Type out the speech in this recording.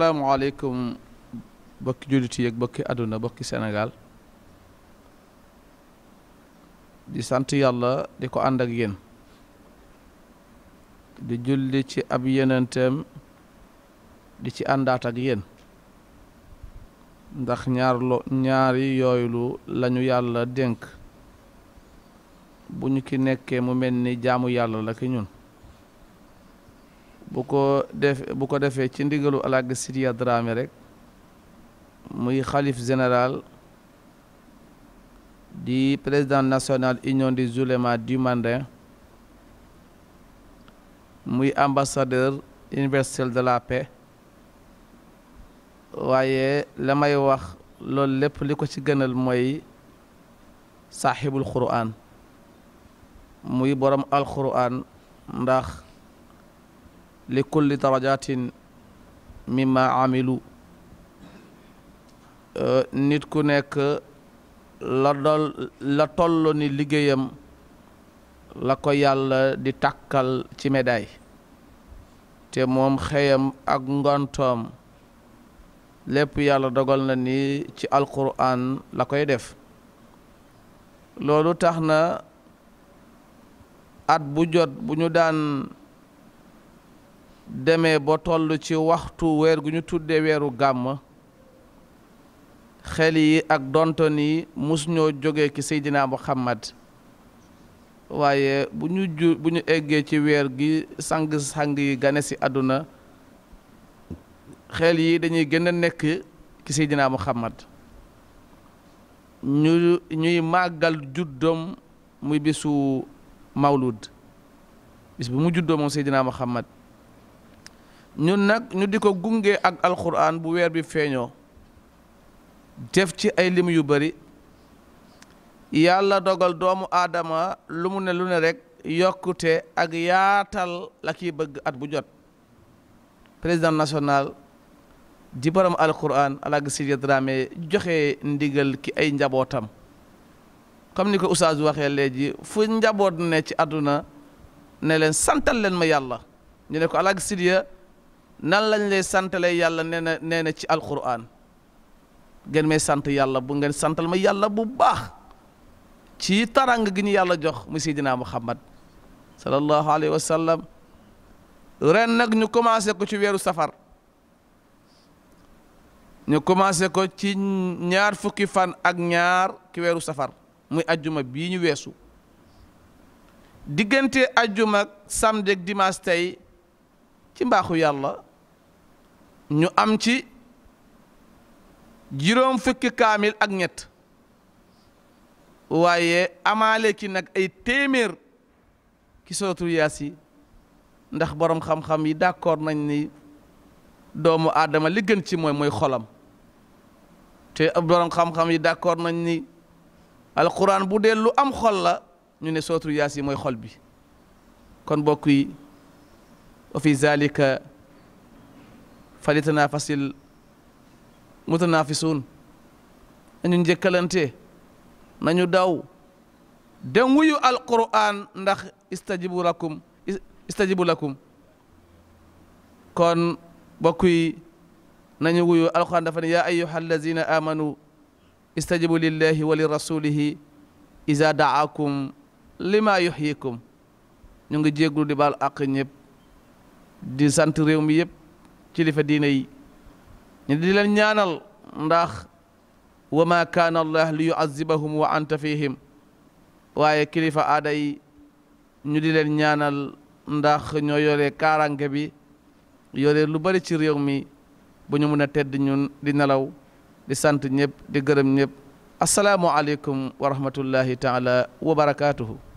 asalaamualeykum bokki jullit yi ak bokki àdduna bokki Sénégal di sant yàlla di ko ànd ak yéen di julli ci ab yeneenteem di ci àndaat ak yéen ndax ñaar lo ñaari yooyulu lañu yàlla dénk bu ñu ki nekkee mu mel ni jaamu yàlla la ki ñun bu ko def bu ko defee ci ndigalu Alaaji Sidiya Dramé rek muy xalif général di président national union des oulémas du Mandin muy ambassadeur universel de la paix waaye la may wax loolu lépp li ko ci gënal mooy saaxibul quran muy borom alquran ndax li kulli darajatin mimma amilu nit ku nekk la dol la toll ni liggéeyam la ko yàlla di takkal ci médaille te moom xëyam ak ngontoom lépp yàlla dogal na ni ci alquran la koy def loolu tax na at bu jot bu ñu daan deme ba toll ci waxtu weer gu ñu tuddee weeru gàmm xel yi ak donton yi mus ñoo jógee ci Seydina Muhammad waaye bu ñu ju bu ñu eggee ci weer gi sang-sang yi gane ci àdduna xel yi dañuy gën a nekk ci Seydina Muhammad ñuy màggal juddoom muy bisu mawlud bis bu mu juddoo moom Seydina Muhammad ñun nag ñu di ko gunge ak alxuraan bu weer bi feeñoo def ci ay lim yu bari yàlla dogal doomu aadama lu mu ne lu ne rek yokkute ak yaatal la kiy bëgg at bu jot président national di borom alquran Alaaji Sidy Dramé joxe ndigal ki ay njabootam comme ni ko oustaz waxee léegi fu njaboot ne ci àdduna ne leen santal leen ma yàlla ñu ne ko Alaaji Sidy nan lañ lay santalee yàlla nee na nee na ci alquran ngeen may sant yàlla bu ngeen santal ma yàlla bu baax ci tarang gi ñu yàlla jox mu seydinaa muhammad sallallahu alayhi wa sallam ren nag ñu commencé ko ci weeru safar ñu commencé ko ci ñaar fukki fan ak ñaar ki weeru safar muy ajjuma bii ñu weesu diggante ajjuma ak samedi tey ci mbaaxu yàlla ñu am ci juróom fukki kaamil ak ñett waaye amaale ki nag ay téeméer ki sootul yi ndax boroom xam-xam yi d'accord nañ ni doomu adama li gën ci mooy mooy xolam te boroom xam-xam yi d'accord nañ ni alquran bu dee lu am xol la ñu ne sootul yi mooy xol bi kon mbokk yi wa falitanafasil mutanafisuun nañu njëkkalante nañu daw dem wuyu alquran ndax istajibu lakum istajibu lakum kon mbokk yi nañu wuyu alquran dafa ne yaa ayuha allazina amanu istajibu lillahi wa lirasulihi iza daakum lima yuhyikum ñu ngi jéeglu di baal àq ñëpp di sant réew mi yëpp kilifa diine yi ñu di leen ñaanal ndax wa ma kaana allah li yuazibahum wa anta fihim waaye kilifa aada yi ñu di leen ñaanal ndax ñoo yore kaarange bi yore lu bari ci réew mi bu ñu mën a tedd ñun di nelaw di sant ñëpp di gërëm ñëpp asalaamualeykum wa rahmatullahi taala wa barakaatuhu